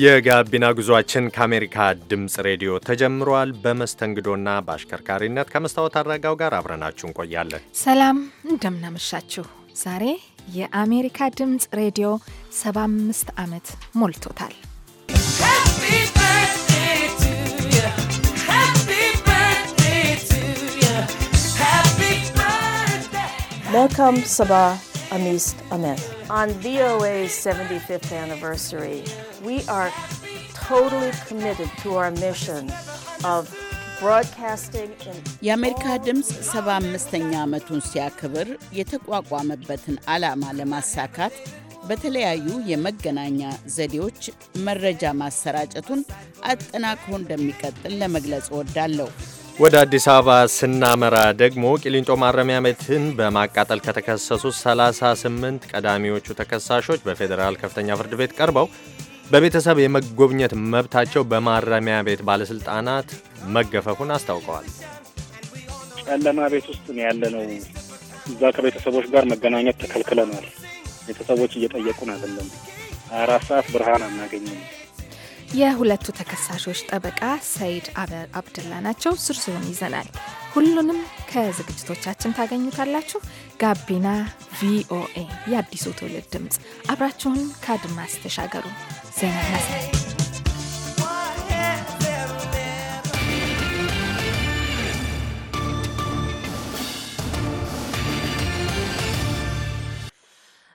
የጋቢና ጉዟችን ከአሜሪካ ድምፅ ሬዲዮ ተጀምሯል። በመስተንግዶና በአሽከርካሪነት ከመስታወት አረጋው ጋር አብረናችሁ እንቆያለን። ሰላም እንደምናመሻችሁ። ዛሬ የአሜሪካ ድምፅ ሬዲዮ 75 ዓመት ሞልቶታል። መልካም ሰባ amazed amen. On VOA's 75th anniversary, we are totally committed to our mission of የአሜሪካ ድምፅ 75ኛ ዓመቱን ሲያክብር የተቋቋመበትን ዓላማ ለማሳካት በተለያዩ የመገናኛ ዘዴዎች መረጃ ማሰራጨቱን አጠናክሮ እንደሚቀጥል ለመግለጽ እወዳለሁ። ወደ አዲስ አበባ ስናመራ ደግሞ ቂሊንጦ ማረሚያ ቤትን በማቃጠል ከተከሰሱ 38 ቀዳሚዎቹ ተከሳሾች በፌዴራል ከፍተኛ ፍርድ ቤት ቀርበው በቤተሰብ የመጎብኘት መብታቸው በማረሚያ ቤት ባለስልጣናት መገፈፉን አስታውቀዋል። ጨለማ ቤት ውስጥ ነው ያለነው። እዛ ከቤተሰቦች ጋር መገናኘት ተከልክለናል። ቤተሰቦች እየጠየቁን አይደለም። አራት ሰዓት ብርሃን አናገኝም። የሁለቱ ተከሳሾች ጠበቃ ሰይድ አብድላ ናቸው። ዝርዝሩን ይዘናል። ሁሉንም ከዝግጅቶቻችን ታገኙታላችሁ። ጋቢና ቪኦኤ የአዲሱ ትውልድ ድምፅ፣ አብራችሁን ከአድማስ ተሻገሩ። ዜና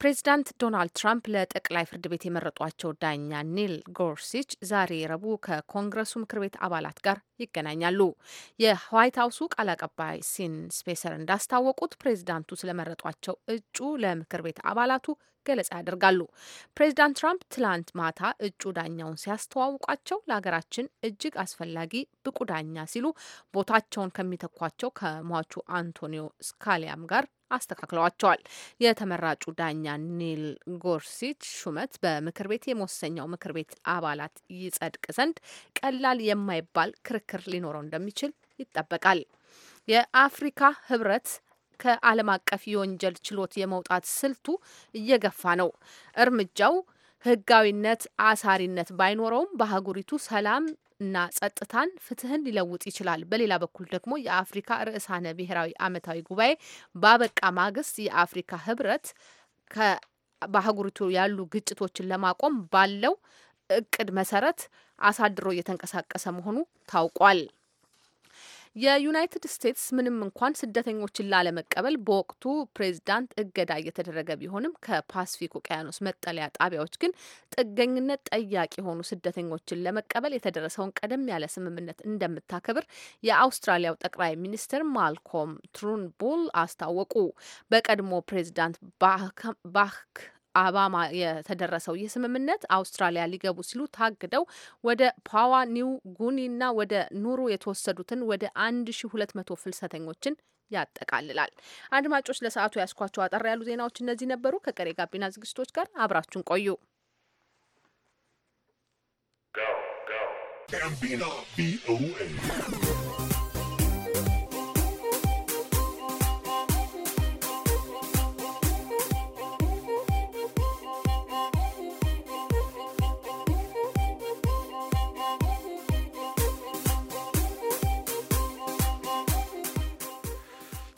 ፕሬዚዳንት ዶናልድ ትራምፕ ለጠቅላይ ፍርድ ቤት የመረጧቸው ዳኛ ኒል ጎርሲች ዛሬ ረቡዕ ከኮንግረሱ ምክር ቤት አባላት ጋር ይገናኛሉ። የዋይት ሀውሱ ቃል አቀባይ ሲን ስፔሰር እንዳስታወቁት ፕሬዚዳንቱ ስለመረጧቸው እጩ ለምክር ቤት አባላቱ ገለጻ ያደርጋሉ። ፕሬዚዳንት ትራምፕ ትላንት ማታ እጩ ዳኛውን ሲያስተዋውቋቸው ለሀገራችን እጅግ አስፈላጊ ብቁ ዳኛ ሲሉ ቦታቸውን ከሚተኳቸው ከሟቹ አንቶኒዮ ስካሊያም ጋር አስተካክለዋቸዋል። የተመራጩ ዳኛ ኒል ጎርሲች ሹመት በምክር ቤት የመወሰኛው ምክር ቤት አባላት ይጸድቅ ዘንድ ቀላል የማይባል ክርክር ሊኖረው እንደሚችል ይጠበቃል። የአፍሪካ ህብረት ከዓለም አቀፍ የወንጀል ችሎት የመውጣት ስልቱ እየገፋ ነው። እርምጃው ህጋዊነት አሳሪነት ባይኖረውም በሀገሪቱ ሰላም እና ጸጥታን፣ ፍትህን ሊለውጥ ይችላል። በሌላ በኩል ደግሞ የአፍሪካ ርዕሳነ ብሔራዊ አመታዊ ጉባኤ በበቃ ማግስት የአፍሪካ ህብረት በአህጉሪቱ ያሉ ግጭቶችን ለማቆም ባለው እቅድ መሰረት አሳድሮ እየተንቀሳቀሰ መሆኑ ታውቋል። የዩናይትድ ስቴትስ ምንም እንኳን ስደተኞችን ላለመቀበል በወቅቱ ፕሬዚዳንት እገዳ እየተደረገ ቢሆንም ከፓስፊክ ውቅያኖስ መጠለያ ጣቢያዎች ግን ጥገኝነት ጠያቂ የሆኑ ስደተኞችን ለመቀበል የተደረሰውን ቀደም ያለ ስምምነት እንደምታከብር የአውስትራሊያው ጠቅላይ ሚኒስትር ማልኮም ትሩንቡል አስታወቁ። በቀድሞ ፕሬዚዳንት ባክ አባማ የተደረሰው ይህ ስምምነት አውስትራሊያ ሊገቡ ሲሉ ታግደው ወደ ፓዋ ኒው ጉኒና ወደ ኑሩ የተወሰዱትን ወደ 1200 ፍልሰተኞችን ያጠቃልላል። አድማጮች ለሰዓቱ ያስኳቸው አጠር ያሉ ዜናዎች እነዚህ ነበሩ። ከቀሪ ጋቢና ዝግጅቶች ጋር አብራችሁን ቆዩ። ጋቢና ቪኦኤ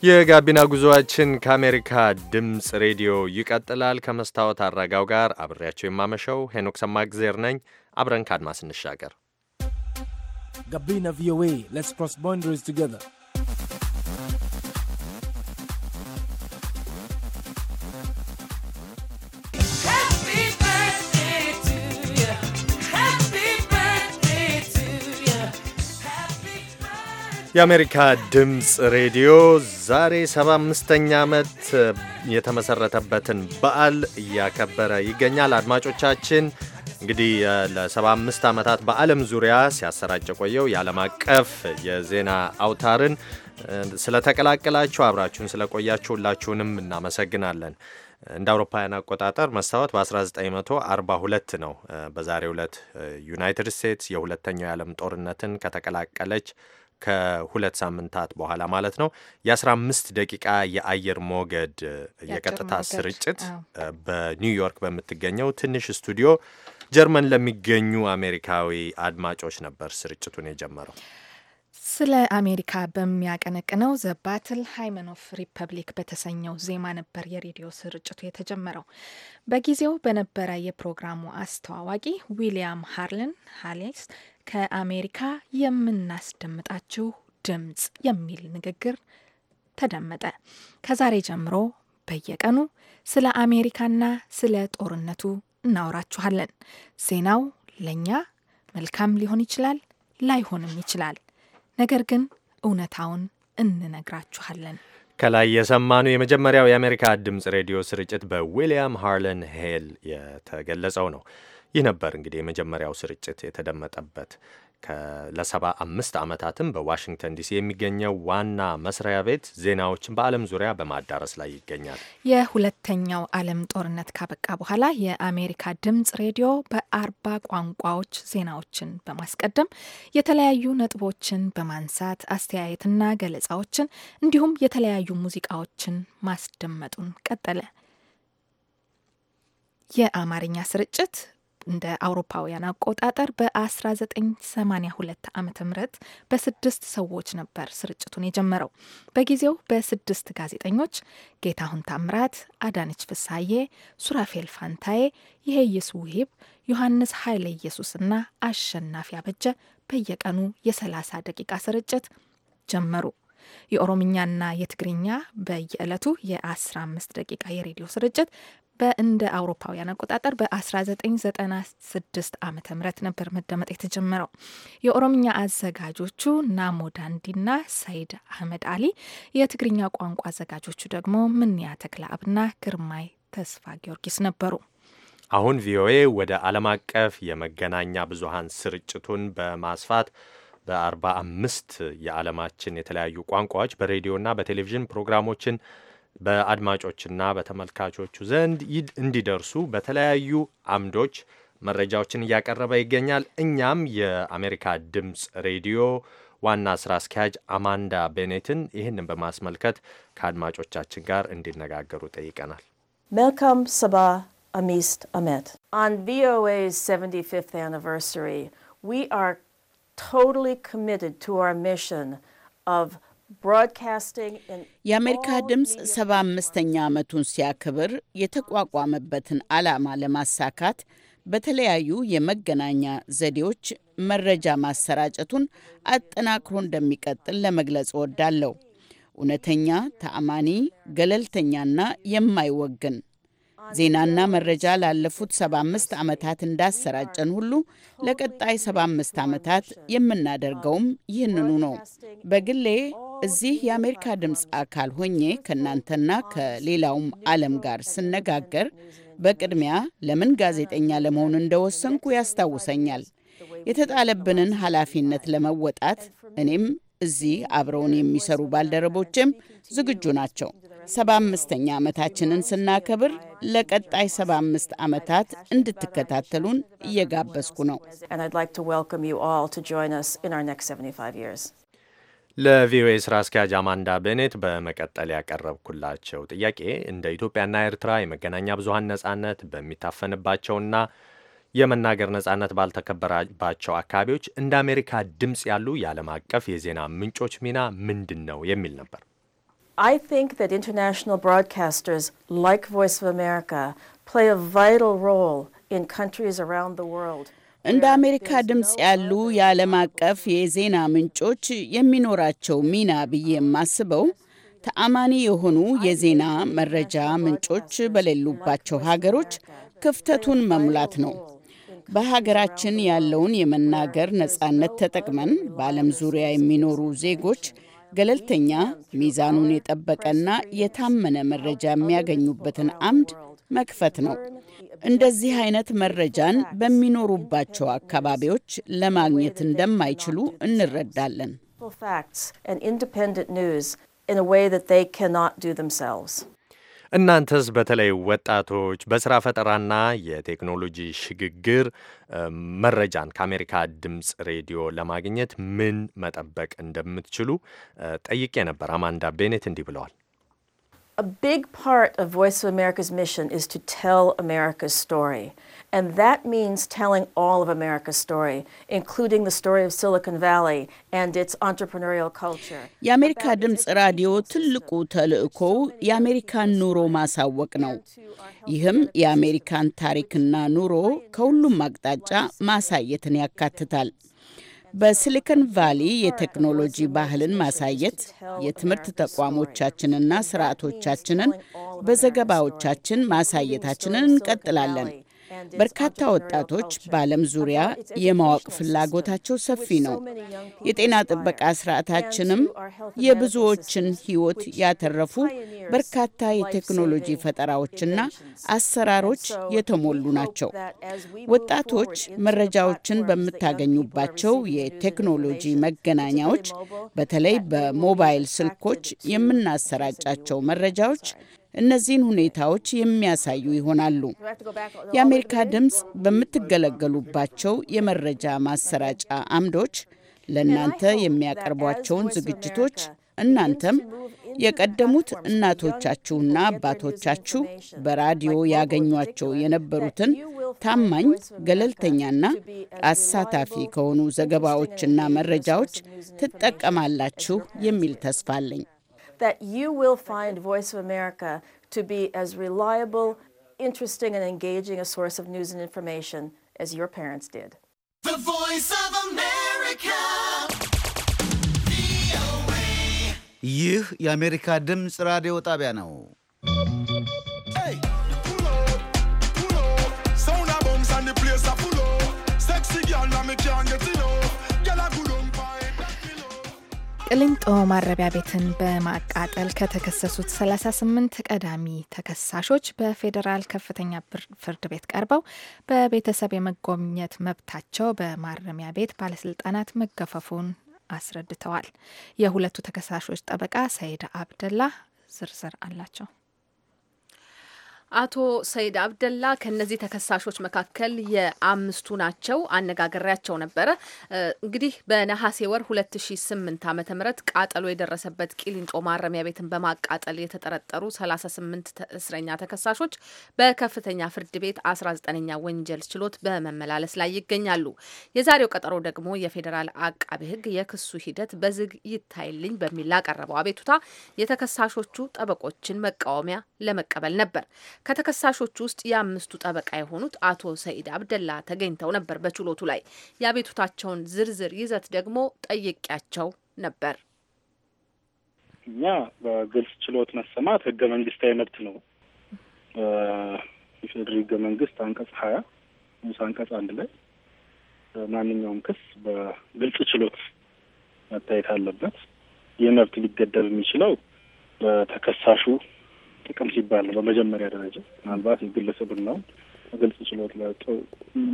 የጋቢና ጉዞአችን ከአሜሪካ ድምፅ ሬዲዮ ይቀጥላል። ከመስታወት አረጋው ጋር አብሬያቸው የማመሸው ሄኖክ ሰማግዜር ነኝ። አብረን ካድማስ እንሻገር። ጋቢና ቪኦኤ ሌትስ ክሮስ ባውንደሪስ ቱጌዘር የአሜሪካ ድምፅ ሬዲዮ ዛሬ 75ኛ ዓመት የተመሰረተበትን በዓል እያከበረ ይገኛል። አድማጮቻችን እንግዲህ ለ75 ዓመታት በዓለም ዙሪያ ሲያሰራጭ የቆየው የዓለም አቀፍ የዜና አውታርን ስለተቀላቀላችሁ አብራችሁን ስለቆያችሁ ሁላችሁንም እናመሰግናለን። እንደ አውሮፓውያን አቆጣጠር መስታወት በ1942 ነው በዛሬው ዕለት ዩናይትድ ስቴትስ የሁለተኛው የዓለም ጦርነትን ከተቀላቀለች ከሁለት ሳምንታት በኋላ ማለት ነው የ15 ደቂቃ የአየር ሞገድ የቀጥታ ስርጭት በኒውዮርክ በምትገኘው ትንሽ ስቱዲዮ ጀርመን ለሚገኙ አሜሪካዊ አድማጮች ነበር ስርጭቱን የጀመረው። ስለ አሜሪካ በሚያቀነቅነው ዘ ባትል ሃይመን ኦፍ ሪፐብሊክ በተሰኘው ዜማ ነበር የሬዲዮ ስርጭቱ የተጀመረው። በጊዜው በነበረ የፕሮግራሙ አስተዋዋቂ ዊሊያም ሃርልን ሃሌስ ከአሜሪካ የምናስደምጣችሁ ድምፅ የሚል ንግግር ተደመጠ። ከዛሬ ጀምሮ በየቀኑ ስለ አሜሪካና ስለ ጦርነቱ እናወራችኋለን። ዜናው ለእኛ መልካም ሊሆን ይችላል፣ ላይሆንም ይችላል። ነገር ግን እውነታውን እንነግራችኋለን። ከላይ የሰማኑ የመጀመሪያው የአሜሪካ ድምፅ ሬዲዮ ስርጭት በዊልያም ሃርለን ሄል የተገለጸው ነው። ይህ ነበር እንግዲህ የመጀመሪያው ስርጭት የተደመጠበት ለሰባ አምስት ዓመታትም በዋሽንግተን ዲሲ የሚገኘው ዋና መስሪያ ቤት ዜናዎችን በዓለም ዙሪያ በማዳረስ ላይ ይገኛል። የሁለተኛው ዓለም ጦርነት ካበቃ በኋላ የአሜሪካ ድምጽ ሬዲዮ በአርባ ቋንቋዎች ዜናዎችን በማስቀደም የተለያዩ ነጥቦችን በማንሳት አስተያየትና ገለጻዎችን እንዲሁም የተለያዩ ሙዚቃዎችን ማስደመጡን ቀጠለ። የአማርኛ ስርጭት እንደ አውሮፓውያን አቆጣጠር በ1982 ዓ ም በስድስት ሰዎች ነበር ስርጭቱን የጀመረው። በጊዜው በስድስት ጋዜጠኞች ጌታሁን ታምራት፣ አዳነች ፍሳዬ፣ ሱራፌል ፋንታዬ፣ ይሄየሱ ውሂብ፣ ዮሐንስ ኃይለ ኢየሱስና አሸናፊ አበጀ በየቀኑ የ30 ደቂቃ ስርጭት ጀመሩ። የኦሮምኛና የትግርኛ በየዕለቱ የ15 ደቂቃ የሬዲዮ ስርጭት በእንደ አውሮፓውያን አቆጣጠር በ1996 ዓ ም ነበር መደመጥ የተጀመረው። የኦሮምኛ አዘጋጆቹ ናሞ ዳንዲና ሰይድ አህመድ አሊ፣ የትግርኛ ቋንቋ አዘጋጆቹ ደግሞ ምንያ ተክለአብና ግርማይ ተስፋ ጊዮርጊስ ነበሩ። አሁን ቪኦኤ ወደ ዓለም አቀፍ የመገናኛ ብዙሃን ስርጭቱን በማስፋት በአርባ አምስት የዓለማችን የተለያዩ ቋንቋዎች በሬዲዮና በቴሌቪዥን ፕሮግራሞችን በአድማጮችና በተመልካቾቹ ዘንድ እንዲደርሱ በተለያዩ አምዶች መረጃዎችን እያቀረበ ይገኛል። እኛም የአሜሪካ ድምፅ ሬዲዮ ዋና ስራ አስኪያጅ አማንዳ ቤኔትን ይህንን በማስመልከት ከአድማጮቻችን ጋር እንዲነጋገሩ ጠይቀናል። መልካም ሰባ አሚስት አመት on ቪኦኤ 75th anniversary we are totally committed to our mission of የአሜሪካ ድምፅ ሰባ አምስተኛ ዓመቱን ሲያክብር የተቋቋመበትን ዓላማ ለማሳካት በተለያዩ የመገናኛ ዘዴዎች መረጃ ማሰራጨቱን አጠናክሮ እንደሚቀጥል ለመግለጽ እወዳለሁ። እውነተኛ፣ ተአማኒ፣ ገለልተኛና የማይወግን ዜናና መረጃ ላለፉት 75 ዓመታት እንዳሰራጨን ሁሉ ለቀጣይ 75 ዓመታት የምናደርገውም ይህንኑ ነው። በግሌ እዚህ የአሜሪካ ድምፅ አካል ሆኜ ከእናንተና ከሌላውም ዓለም ጋር ስነጋገር በቅድሚያ ለምን ጋዜጠኛ ለመሆን እንደወሰንኩ ያስታውሰኛል። የተጣለብንን ኃላፊነት ለመወጣት እኔም እዚህ አብረውን የሚሰሩ ባልደረቦችም ዝግጁ ናቸው። ሰባ አምስተኛ ዓመታችንን ስናከብር ለቀጣይ ሰባ አምስት ዓመታት እንድትከታተሉን እየጋበዝኩ ነው። ለቪኦኤ ስራ አስኪያጅ አማንዳ ቤኔት በመቀጠል ያቀረብኩላቸው ጥያቄ እንደ ኢትዮጵያና ኤርትራ የመገናኛ ብዙሀን ነጻነት በሚታፈንባቸውና የመናገር ነጻነት ባልተከበረባቸው አካባቢዎች እንደ አሜሪካ ድምፅ ያሉ የዓለም አቀፍ የዜና ምንጮች ሚና ምንድን ነው የሚል ነበር። I think that international broadcasters like Voice of America play a vital role in countries around the world. እንደ አሜሪካ ድምፅ ያሉ የዓለም አቀፍ የዜና ምንጮች የሚኖራቸው ሚና ብዬ የማስበው ተአማኒ የሆኑ የዜና መረጃ ምንጮች በሌሉባቸው ሀገሮች ክፍተቱን መሙላት ነው። በሀገራችን ያለውን የመናገር ነጻነት ተጠቅመን በዓለም ዙሪያ የሚኖሩ ዜጎች ገለልተኛ፣ ሚዛኑን የጠበቀና የታመነ መረጃ የሚያገኙበትን አምድ መክፈት ነው። እንደዚህ አይነት መረጃን በሚኖሩባቸው አካባቢዎች ለማግኘት እንደማይችሉ እንረዳለን። እናንተስ በተለይ ወጣቶች በስራ ፈጠራና የቴክኖሎጂ ሽግግር መረጃን ከአሜሪካ ድምፅ ሬዲዮ ለማግኘት ምን መጠበቅ እንደምትችሉ ጠይቄ ነበር። አማንዳ ቤኔት እንዲህ ብለዋል። a big part of Voice of America's mission is to tell America's story. And that means telling all of America's story, including the story of Silicon Valley and its entrepreneurial culture. የአሜሪካ ድምፅ ራዲዮ ትልቁ ተልእኮው የአሜሪካን ኑሮ ማሳወቅ ነው። ይህም የአሜሪካን ታሪክና ኑሮ ከሁሉም አቅጣጫ ማሳየትን ያካትታል። በሲሊኮን ቫሊ የቴክኖሎጂ ባህልን ማሳየት የትምህርት ተቋሞቻችንና ስርዓቶቻችንን በዘገባዎቻችን ማሳየታችንን እንቀጥላለን። በርካታ ወጣቶች በዓለም ዙሪያ የማወቅ ፍላጎታቸው ሰፊ ነው። የጤና ጥበቃ ስርዓታችንም የብዙዎችን ሕይወት ያተረፉ በርካታ የቴክኖሎጂ ፈጠራዎችና አሰራሮች የተሞሉ ናቸው። ወጣቶች መረጃዎችን በምታገኙባቸው የቴክኖሎጂ መገናኛዎች፣ በተለይ በሞባይል ስልኮች የምናሰራጫቸው መረጃዎች እነዚህን ሁኔታዎች የሚያሳዩ ይሆናሉ። የአሜሪካ ድምፅ በምትገለገሉባቸው የመረጃ ማሰራጫ አምዶች ለእናንተ የሚያቀርቧቸውን ዝግጅቶች እናንተም የቀደሙት እናቶቻችሁና አባቶቻችሁ በራዲዮ ያገኟቸው የነበሩትን ታማኝ ገለልተኛና አሳታፊ ከሆኑ ዘገባዎችና መረጃዎች ትጠቀማላችሁ የሚል ተስፋ አለኝ። that you will find Voice of America to be as reliable, interesting, and engaging a source of news and information as your parents did. The Voice of America! ይህ የአሜሪካ ድምፅ ራዲዮ ጣቢያ ነው። ቅሊንጦ ማረቢያ ቤትን በማቃጠል ከተከሰሱት 38 ቀዳሚ ተከሳሾች በፌዴራል ከፍተኛ ፍርድ ቤት ቀርበው በቤተሰብ የመጎብኘት መብታቸው በማረሚያ ቤት ባለስልጣናት መገፈፉን አስረድተዋል። የሁለቱ ተከሳሾች ጠበቃ ሰይድ አብደላ ዝርዝር አላቸው። አቶ ሰይድ አብደላ ከነዚህ ተከሳሾች መካከል የአምስቱ ናቸው። አነጋገሪያቸው ነበረ። እንግዲህ በነሐሴ ወር 2008 ዓ ም ቃጠሎ የደረሰበት ቂሊንጦ ማረሚያ ቤትን በማቃጠል የተጠረጠሩ 38 እስረኛ ተከሳሾች በከፍተኛ ፍርድ ቤት 19ኛ ወንጀል ችሎት በመመላለስ ላይ ይገኛሉ። የዛሬው ቀጠሮ ደግሞ የፌዴራል አቃቤ ሕግ የክሱ ሂደት በዝግ ይታይልኝ በሚል ላቀረበው አቤቱታ የተከሳሾቹ ጠበቆችን መቃወሚያ ለመቀበል ነበር። ከተከሳሾች ውስጥ የአምስቱ ጠበቃ የሆኑት አቶ ሰኢድ አብደላ ተገኝተው ነበር። በችሎቱ ላይ የአቤቱታቸውን ዝርዝር ይዘት ደግሞ ጠይቄያቸው ነበር። እኛ በግልጽ ችሎት መሰማት ህገ መንግስታዊ መብት ነው። የፌዴሪ ህገ መንግስት አንቀጽ ሀያ ንዑስ አንቀጽ አንድ ላይ ማንኛውም ክስ በግልጽ ችሎት መታየት አለበት። ይህ መብት ሊገደብ የሚችለው በተከሳሹ ጥቅም ሲባል ነው። በመጀመሪያ ደረጃ ምናልባት የግለሰብን ነው በግልጽ ችሎት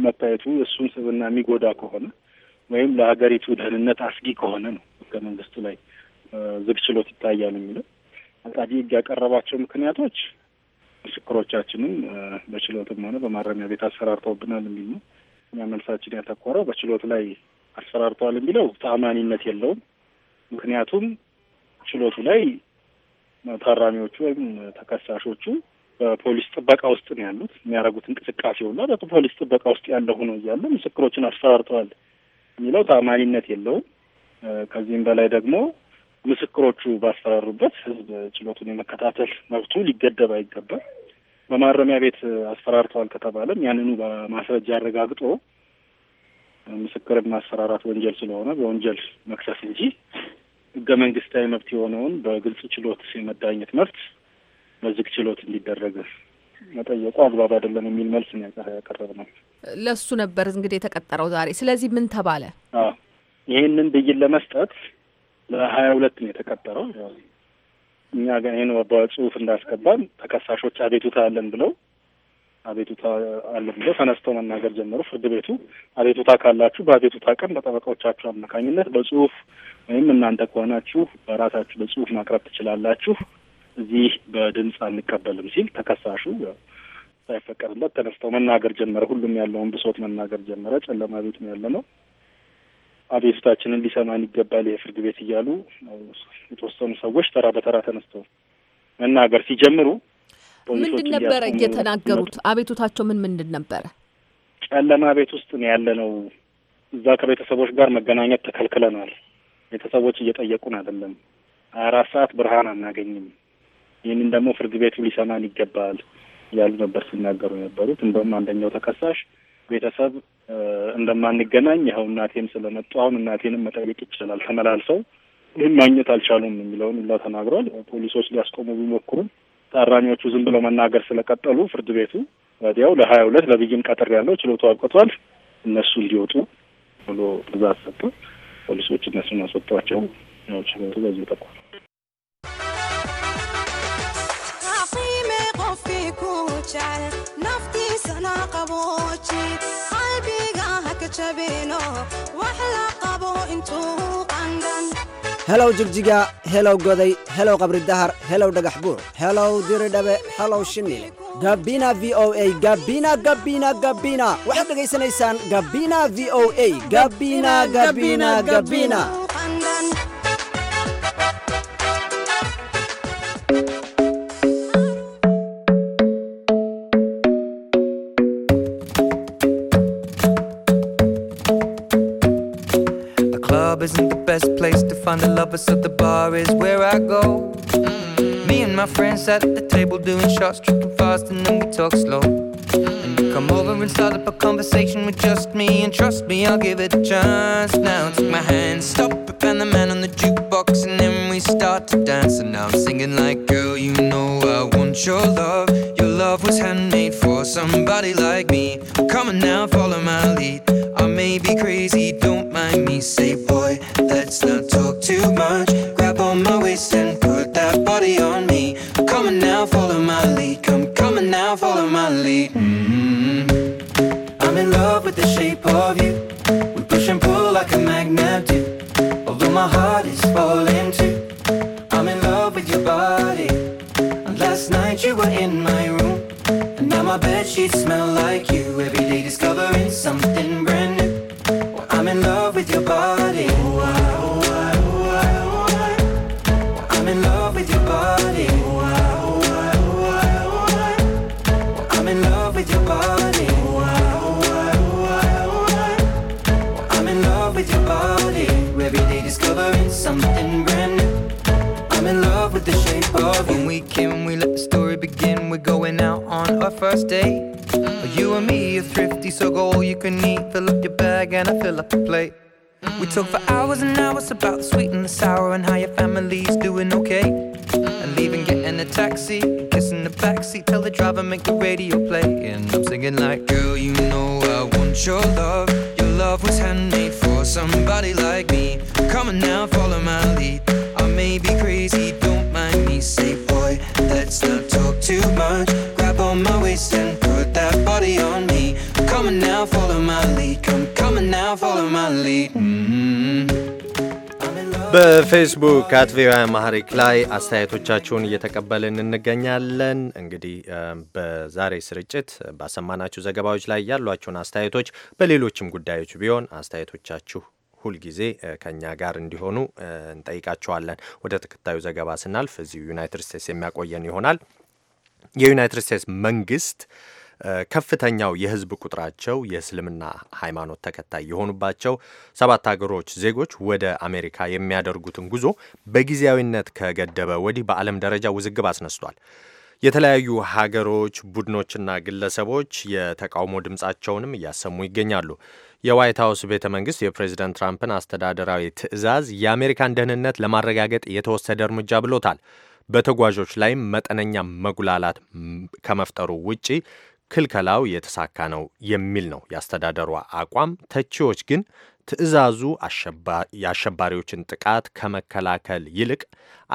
መታየቱ እሱን ስብና የሚጎዳ ከሆነ ወይም ለሀገሪቱ ደህንነት አስጊ ከሆነ ነው ህገ መንግስቱ ላይ ዝግ ችሎት ይታያል የሚለው አቃቤ ህግ ያቀረባቸው ምክንያቶች ምስክሮቻችንም በችሎትም ሆነ በማረሚያ ቤት አሰራርተውብናል የሚል ነው። እኛ መልሳችን ያተኮረው በችሎት ላይ አሰራርተዋል የሚለው ተአማኒነት የለውም። ምክንያቱም ችሎቱ ላይ ታራሚዎቹ ወይም ተከሳሾቹ በፖሊስ ጥበቃ ውስጥ ነው ያሉት። የሚያደርጉት እንቅስቃሴ ሁላ በፖሊስ ጥበቃ ውስጥ ያለ ሆኖ እያለ ምስክሮችን አስፈራርተዋል የሚለው ታማኒነት የለውም። ከዚህም በላይ ደግሞ ምስክሮቹ ባስፈራሩበት ህዝብ ችሎቱን የመከታተል መብቱ ሊገደብ አይገባም። በማረሚያ ቤት አስፈራርተዋል ከተባለም ያንኑ በማስረጃ አረጋግጦ ምስክርን ማስፈራራት ወንጀል ስለሆነ በወንጀል መክሰስ እንጂ ህገ መንግስታዊ መብት የሆነውን በግልጽ ችሎት የመዳኘት መብት በዝግ ችሎት እንዲደረግ መጠየቁ አግባብ አይደለም የሚል መልስ ነው ያቀረብ ነው። ለሱ ነበር እንግዲህ የተቀጠረው ዛሬ። ስለዚህ ምን ተባለ? ይህንን ብይን ለመስጠት ለሀያ ሁለት ነው የተቀጠረው። እኛ ግን ይህን በጽሁፍ እንዳስገባን ተከሳሾች አቤቱታ አለን ብለው አቤቱታ አለ ብሎ ተነስተው መናገር ጀመሩ። ፍርድ ቤቱ አቤቱታ ካላችሁ በአቤቱታ ቀን በጠበቃዎቻችሁ አማካኝነት በጽሁፍ ወይም እናንተ ከሆናችሁ በራሳችሁ በጽሁፍ ማቅረብ ትችላላችሁ፣ እዚህ በድምፅ አንቀበልም ሲል ተከሳሹ ሳይፈቀድለት ተነስተው መናገር ጀመረ። ሁሉም ያለውን ብሶት መናገር ጀመረ። ጨለማ ቤት ነው ያለ ነው። አቤቱታችንን ሊሰማን ይገባል ይሄ ፍርድ ቤት እያሉ የተወሰኑ ሰዎች ተራ በተራ ተነስተው መናገር ሲጀምሩ ምንድን ነበረ እየተናገሩት? አቤቱታቸው ምን ምንድን ነበረ? ጨለማ ቤት ውስጥ ነው ያለ ነው። እዛ ከቤተሰቦች ጋር መገናኘት ተከልክለናል። ቤተሰቦች እየጠየቁን አይደለም። አራት ሰዓት ብርሃን አናገኝም። ይህንን ደግሞ ፍርድ ቤቱ ሊሰማን ይገባል ያሉ ነበር ሲናገሩ የነበሩት። እንደውም አንደኛው ተከሳሽ ቤተሰብ እንደማንገናኝ ይኸው እናቴም ስለመጡ አሁን እናቴንም መጠየቅ ይችላል ተመላልሰው ይህን ማግኘት አልቻሉም የሚለውን ሁላ ተናግሯል። ፖሊሶች ሊያስቆሙ ቢሞክሩም ታራሚዎቹ ዝም ብለው መናገር ስለቀጠሉ ፍርድ ቤቱ ወዲያው ለሀያ ሁለት ለብይን ቀጥር ያለው ችሎቱ አብቅቷል፣ እነሱ እንዲወጡ ብሎ ትዕዛዝ ሰጠ። ፖሊሶች እነሱን አስወጥቷቸው ያው ችሎቱ በዚህ ተቋል። helow jigjiga helow goday helow qabri dahar helow dhagax buur helow diridhabe helow shinile gabina v o a gabina gabina gabina waxaad dhegaysanaysaan gabina v o a gabina gabina gabina The best place to find a lover, so the bar is where I go. Mm. Me and my friends at the table doing shots, tripping fast, and then we talk slow. And you come over and start up a conversation with just me, and trust me, I'll give it a chance. Now take my hand, stop it, and the man on the jukebox, and then we start to dance. And now I'm singing like, girl, you know I want your love. Your love was handmade for somebody like me. Come on now, follow my lead. I may be crazy, don't mind me. Say Let's not talk too much. Grab on my waist and put that body on me. I'm coming now, follow my lead. Come coming now, follow my lead. Mm-hmm. I'm in love with the shape of you. We push and pull like a magnet do. Although my heart is falling too. I'm in love with your body. And last night you were in my room. And now my bed sheets smell like you. Every day discovering something I Mm. You and me are thrifty, so go all you can eat. Fill up your bag and I fill up the plate. Mm. We talk for hours and hours about the sweet and the sour and how your family's doing okay. Mm. And leaving, getting a taxi, kissing the backseat, tell the driver make the radio play. And I'm singing like, girl, you know I want your love. Your love was handmade for somebody like me. Come on now, follow my lead. I may be crazy, don't mind me. Say, boy, let's not. waist and put that body on me. I'm coming now, follow my lead. I'm coming now, follow my lead. Mm-hmm. በፌስቡክ አትቪያ ቪኦኤ ላይ አስተያየቶቻችሁን እየተቀበልን እንገኛለን። እንግዲህ በዛሬ ስርጭት ባሰማናችሁ ዘገባዎች ላይ ያሏችሁን አስተያየቶች፣ በሌሎችም ጉዳዮች ቢሆን አስተያየቶቻችሁ ሁልጊዜ ከኛ ጋር እንዲሆኑ እንጠይቃችኋለን። ወደ ተከታዩ ዘገባ ስናልፍ እዚሁ ዩናይትድ ስቴትስ የሚያቆየን ይሆናል። የዩናይትድ ስቴትስ መንግስት ከፍተኛው የህዝብ ቁጥራቸው የእስልምና ሃይማኖት ተከታይ የሆኑባቸው ሰባት ሀገሮች ዜጎች ወደ አሜሪካ የሚያደርጉትን ጉዞ በጊዜያዊነት ከገደበ ወዲህ በዓለም ደረጃ ውዝግብ አስነስቷል። የተለያዩ ሀገሮች ቡድኖችና ግለሰቦች የተቃውሞ ድምፃቸውንም እያሰሙ ይገኛሉ። የዋይት ሀውስ ቤተ መንግስት የፕሬዚደንት ትራምፕን አስተዳደራዊ ትዕዛዝ የአሜሪካን ደህንነት ለማረጋገጥ የተወሰደ እርምጃ ብሎታል። በተጓዦች ላይ መጠነኛ መጉላላት ከመፍጠሩ ውጪ ክልከላው የተሳካ ነው የሚል ነው የአስተዳደሯ አቋም። ተቺዎች ግን ትዕዛዙ የአሸባሪዎችን ጥቃት ከመከላከል ይልቅ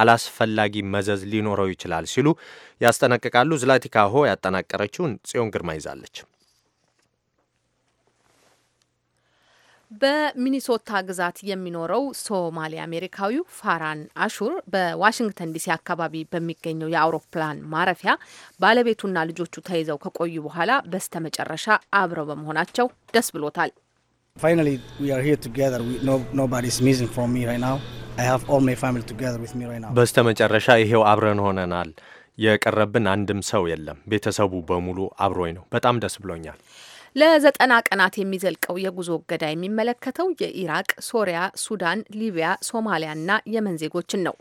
አላስፈላጊ መዘዝ ሊኖረው ይችላል ሲሉ ያስጠነቅቃሉ። ዝላቲካሆ ያጠናቀረችውን ጽዮን ግርማ ይዛለች። በሚኒሶታ ግዛት የሚኖረው ሶማሌ አሜሪካዊው ፋራን አሹር በዋሽንግተን ዲሲ አካባቢ በሚገኘው የአውሮፕላን ማረፊያ ባለቤቱና ልጆቹ ተይዘው ከቆዩ በኋላ በስተ መጨረሻ አብረው በመሆናቸው ደስ ብሎታል። በስተ መጨረሻ ይሄው አብረን ሆነናል። የቀረብን አንድም ሰው የለም። ቤተሰቡ በሙሉ አብሮኝ ነው። በጣም ደስ ብሎኛል። ለዘጠና ቀናት የሚዘልቀው የጉዞ እገዳ የሚመለከተው የኢራቅ፣ ሶሪያ፣ ሱዳን፣ ሊቢያ፣ ሶማሊያ እና የመን ዜጎችን ነው።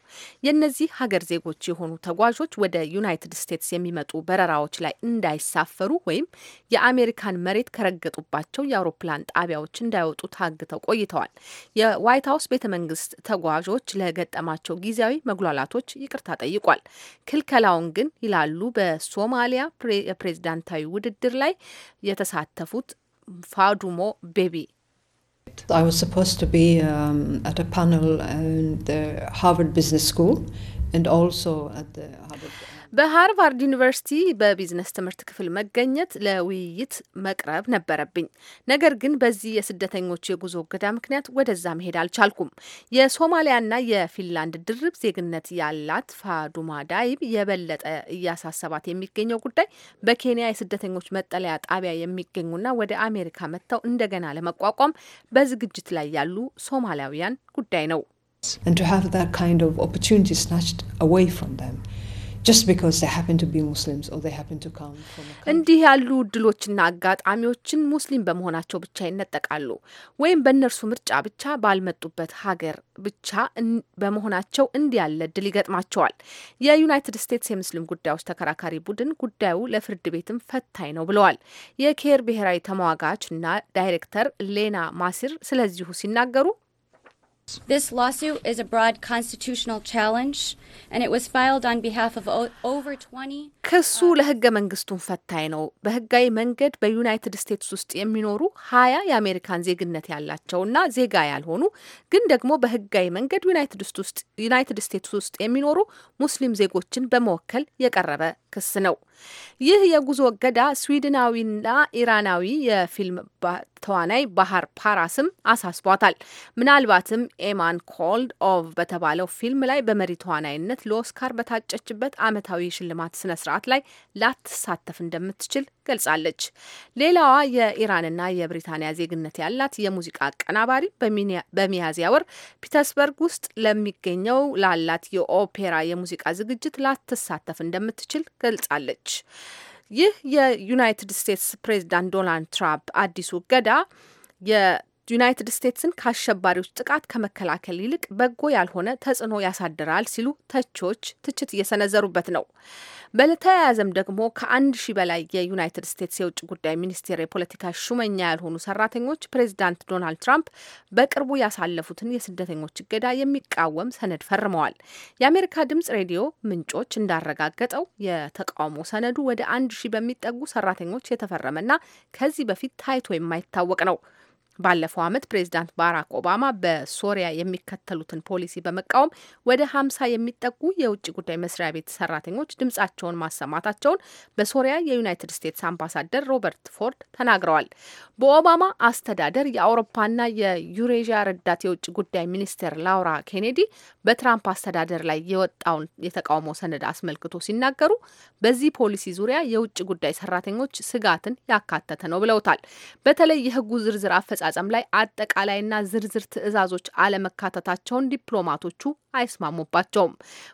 የእነዚህ ሀገር ዜጎች የሆኑ ተጓዦች ወደ ዩናይትድ ስቴትስ የሚመጡ በረራዎች ላይ እንዳይሳፈሩ ወይም የአሜሪካን መሬት ከረገጡባቸው የአውሮፕላን ጣቢያዎች እንዳይወጡ ታግተው ቆይተዋል። የዋይት ሀውስ ቤተ መንግስት ተጓዦች ለገጠማቸው ጊዜያዊ መጉላላቶች ይቅርታ ጠይቋል። ክልከላውን ግን ይላሉ በሶማሊያ የፕሬዝዳንታዊ ውድድር ላይ የተሳተ ፋዱሞ ቤቢ I was supposed to be um, at a panel at the Harvard Business School and also at the Harvard በሃርቫርድ ዩኒቨርሲቲ በቢዝነስ ትምህርት ክፍል መገኘት ለውይይት መቅረብ ነበረብኝ። ነገር ግን በዚህ የስደተኞች የጉዞ እገዳ ምክንያት ወደዛ መሄድ አልቻልኩም። የሶማሊያና የፊንላንድ ድርብ ዜግነት ያላት ፋዱማ ዳይብ የበለጠ እያሳሰባት የሚገኘው ጉዳይ በኬንያ የስደተኞች መጠለያ ጣቢያ የሚገኙና ወደ አሜሪካ መጥተው እንደገና ለመቋቋም በዝግጅት ላይ ያሉ ሶማሊያውያን ጉዳይ ነው። And to have that kind of opportunity snatched away from them. እንዲህ ያሉ እድሎችና አጋጣሚዎችን ሙስሊም በመሆናቸው ብቻ ይነጠቃሉ ወይም በእነርሱ ምርጫ ብቻ ባልመጡበት ሀገር ብቻ በመሆናቸው እንዲህ ያለ እድል ይገጥማቸዋል። የዩናይትድ ስቴትስ የሙስሊም ጉዳዮች ተከራካሪ ቡድን ጉዳዩ ለፍርድ ቤትም ፈታኝ ነው ብለዋል። የኬር ብሔራዊ ተሟጋች እና ዳይሬክተር ሌና ማሲር ስለዚሁ ሲናገሩ ከሱ uh, ለህገ መንግስቱን ፈታኝ ነው። በህጋዊ መንገድ በዩናይትድ ስቴትስ ውስጥ የሚኖሩ ሀያ የአሜሪካን ዜግነት ያላቸው ና ዜጋ ያልሆኑ ግን ደግሞ በህጋዊ መንገድ ዩናይትድ ስቴትስ ውስጥ የሚኖሩ ሙስሊም ዜጎችን በመወከል የቀረበ ክስ ነው። ይህ የጉዞ እገዳ ስዊድናዊና ኢራናዊ የፊልም ተዋናይ ባህር ፓራስም አሳስቧታል። ምናልባትም ኤማን ኮልድ ኦቭ በተባለው ፊልም ላይ በመሪ ተዋናይነት ለኦስካር በታጨችበት ዓመታዊ የሽልማት ስነ ስርዓት ላይ ላትሳተፍ እንደምትችል ገልጻለች። ሌላዋ የኢራንና የብሪታንያ ዜግነት ያላት የሙዚቃ አቀናባሪ በሚያዝያ ወር ፒተርስበርግ ውስጥ ለሚገኘው ላላት የኦፔራ የሙዚቃ ዝግጅት ላትሳተፍ እንደምትችል ገልጻለች። ይህ የዩናይትድ ስቴትስ ፕሬዚዳንት ዶናልድ ትራምፕ አዲሱ እገዳ ዩናይትድ ስቴትስን ከአሸባሪዎች ጥቃት ከመከላከል ይልቅ በጎ ያልሆነ ተጽዕኖ ያሳድራል ሲሉ ተቺዎች ትችት እየሰነዘሩበት ነው። በተያያዘም ደግሞ ከአንድ ሺህ በላይ የዩናይትድ ስቴትስ የውጭ ጉዳይ ሚኒስቴር የፖለቲካ ሹመኛ ያልሆኑ ሰራተኞች ፕሬዚዳንት ዶናልድ ትራምፕ በቅርቡ ያሳለፉትን የስደተኞች እገዳ የሚቃወም ሰነድ ፈርመዋል። የአሜሪካ ድምጽ ሬዲዮ ምንጮች እንዳረጋገጠው የተቃውሞ ሰነዱ ወደ አንድ ሺህ በሚጠጉ ሰራተኞች የተፈረመና ከዚህ በፊት ታይቶ የማይታወቅ ነው። ባለፈው ዓመት ፕሬዚዳንት ባራክ ኦባማ በሶሪያ የሚከተሉትን ፖሊሲ በመቃወም ወደ ሀምሳ የሚጠጉ የውጭ ጉዳይ መስሪያ ቤት ሰራተኞች ድምጻቸውን ማሰማታቸውን በሶሪያ የዩናይትድ ስቴትስ አምባሳደር ሮበርት ፎርድ ተናግረዋል። በኦባማ አስተዳደር የአውሮፓና የዩሬዥያ ረዳት የውጭ ጉዳይ ሚኒስትር ላውራ ኬኔዲ በትራምፕ አስተዳደር ላይ የወጣውን የተቃውሞ ሰነድ አስመልክቶ ሲናገሩ በዚህ ፖሊሲ ዙሪያ የውጭ ጉዳይ ሰራተኞች ስጋትን ያካተተ ነው ብለውታል። በተለይ የህጉ ዝርዝር አፈጻ አፈጻጸም ላይ አጠቃላይና ዝርዝር ትዕዛዞች አለመካተታቸውን ዲፕሎማቶቹ አይስማሙባቸውም።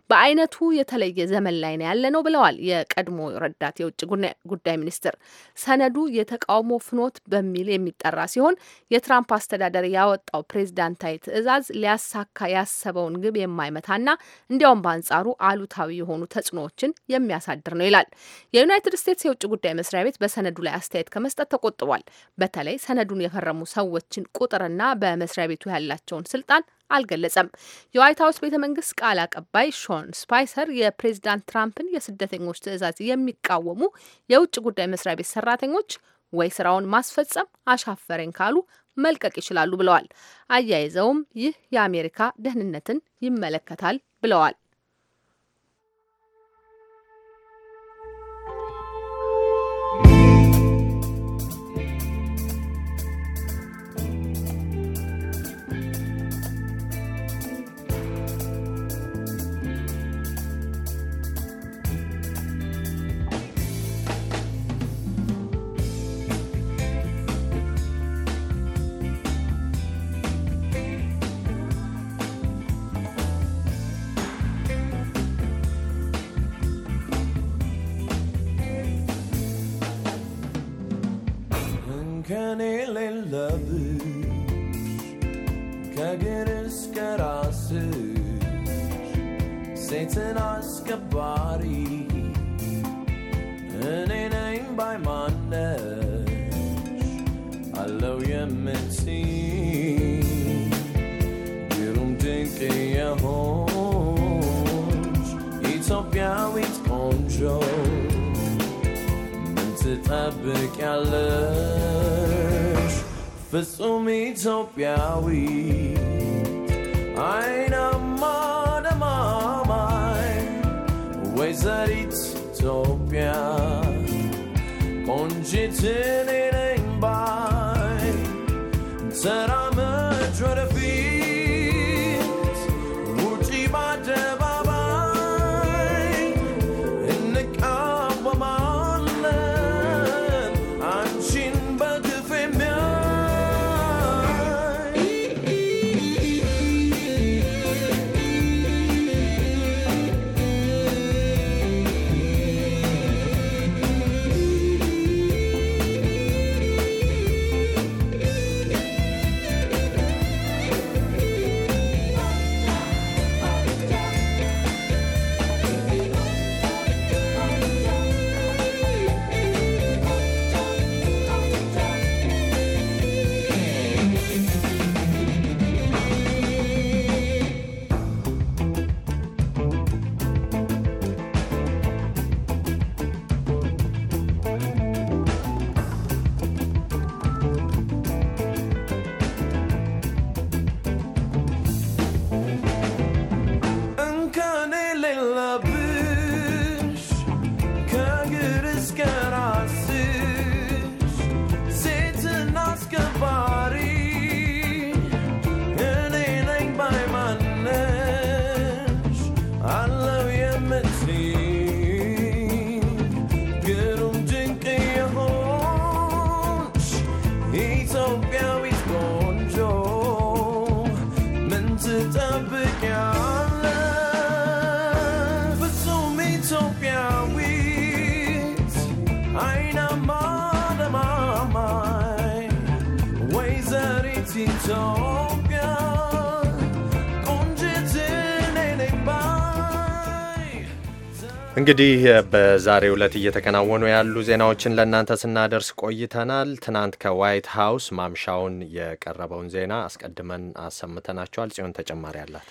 በአይነቱ የተለየ ዘመን ላይ ነው ነው ብለዋል የቀድሞ ረዳት የውጭ ጉዳይ ሚኒስትር። ሰነዱ የተቃውሞ ፍኖት በሚል የሚጠራ ሲሆን የትራምፕ አስተዳደር ያወጣው ፕሬዚዳንታዊ ትዕዛዝ ሊያሳካ ያሰበውን ግብ የማይመታና እንዲያውም በአንጻሩ አሉታዊ የሆኑ ተጽዕኖዎችን የሚያሳድር ነው ይላል። የዩናይትድ ስቴትስ የውጭ ጉዳይ መስሪያ ቤት በሰነዱ ላይ አስተያየት ከመስጠት ተቆጥቧል። በተለይ ሰነዱን የፈረሙ ሰዎችን ቁጥርና በመስሪያ ቤቱ ያላቸውን ስልጣን አልገለጸም። የዋይት ሀውስ ቤተ መንግስት ቃል አቀባይ ሾን ስፓይሰር የፕሬዚዳንት ትራምፕን የስደተኞች ትዕዛዝ የሚቃወሙ የውጭ ጉዳይ መስሪያ ቤት ሰራተኞች ወይ ስራውን ማስፈጸም አሻፈረኝ ካሉ መልቀቅ ይችላሉ ብለዋል። አያይዘውም ይህ የአሜሪካ ደህንነትን ይመለከታል ብለዋል። sabes o que a Guinness caraças Satan escapari Any name by Mondays Alô e mentir Gerum dinki e hons It's on piawit onjo Mentit abik alô Utopyawi Einer Morde Mamain Wezarit topia, Konjitin in Engbein Tera Mötrede እንግዲህ በዛሬው ዕለት እየተከናወኑ ያሉ ዜናዎችን ለእናንተ ስናደርስ ቆይተናል። ትናንት ከዋይት ሀውስ ማምሻውን የቀረበውን ዜና አስቀድመን አሰምተናቸዋል። ጽዮን ተጨማሪ አላት።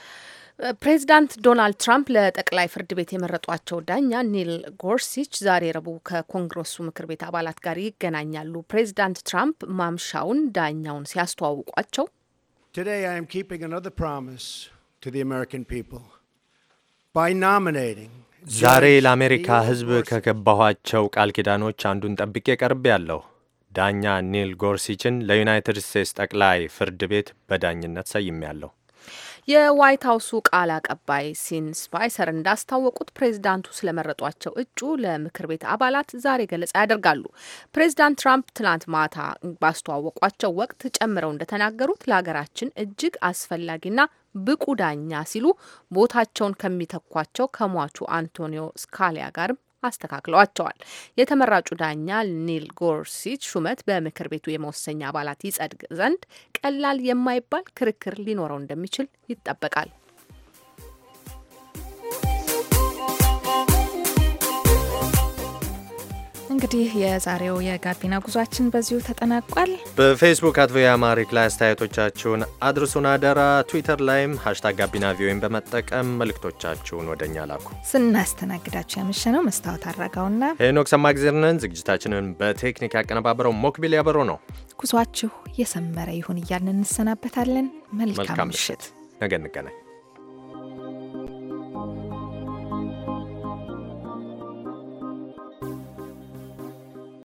ፕሬዚዳንት ዶናልድ ትራምፕ ለጠቅላይ ፍርድ ቤት የመረጧቸው ዳኛ ኒል ጎርሲች ዛሬ ረቡዕ ከኮንግረሱ ምክር ቤት አባላት ጋር ይገናኛሉ። ፕሬዚዳንት ትራምፕ ማምሻውን ዳኛውን ሲያስተዋውቋቸው ቶዴይ አይ አም ኪፒንግ ፕሮሚስ ቱ አሜሪካን ፒፕል ባይ ኖሚኔቲንግ ዛሬ ለአሜሪካ ሕዝብ ከገባኋቸው ቃል ኪዳኖች አንዱን ጠብቄ ቀርብ ያለሁ ዳኛ ኒል ጎርሲችን ለዩናይትድ ስቴትስ ጠቅላይ ፍርድ ቤት በዳኝነት ሰይሜ ያለሁ። የዋይት ሀውሱ ቃል አቀባይ ሲን ስፓይሰር እንዳስታወቁት ፕሬዚዳንቱ ስለመረጧቸው እጩ ለምክር ቤት አባላት ዛሬ ገለጻ ያደርጋሉ። ፕሬዚዳንት ትራምፕ ትናንት ማታ ባስተዋወቋቸው ወቅት ጨምረው እንደተናገሩት ለሀገራችን እጅግ አስፈላጊና ብቁ ዳኛ ሲሉ ቦታቸውን ከሚተኳቸው ከሟቹ አንቶኒዮ ስካሊያ ጋርም አስተካክለዋቸዋል። የተመራጩ ዳኛ ኒል ጎርሲች ሹመት በምክር ቤቱ የመወሰኛ አባላት ይጸድቅ ዘንድ ቀላል የማይባል ክርክር ሊኖረው እንደሚችል ይጠበቃል። እንግዲህ የዛሬው የጋቢና ጉዟችን በዚሁ ተጠናቋል። በፌስቡክ አት ቪኦኤ አማሪክ ላይ አስተያየቶቻችሁን አድርሱን አደራ። ትዊተር ላይም ሀሽታግ ጋቢና ቪኦኤን በመጠቀም መልእክቶቻችሁን ወደ እኛ ላኩ። ስናስተናግዳችሁ ያመሸነው መስታወት አራጋውና ሄኖክ ሰማእግዜር ነን። ዝግጅታችንን በቴክኒክ ያቀነባበረው ሞክቢል ያበሮ ነው። ጉዟችሁ የሰመረ ይሁን እያልን እንሰናበታለን። መልካም ምሽት፣ ነገ እንገናኝ።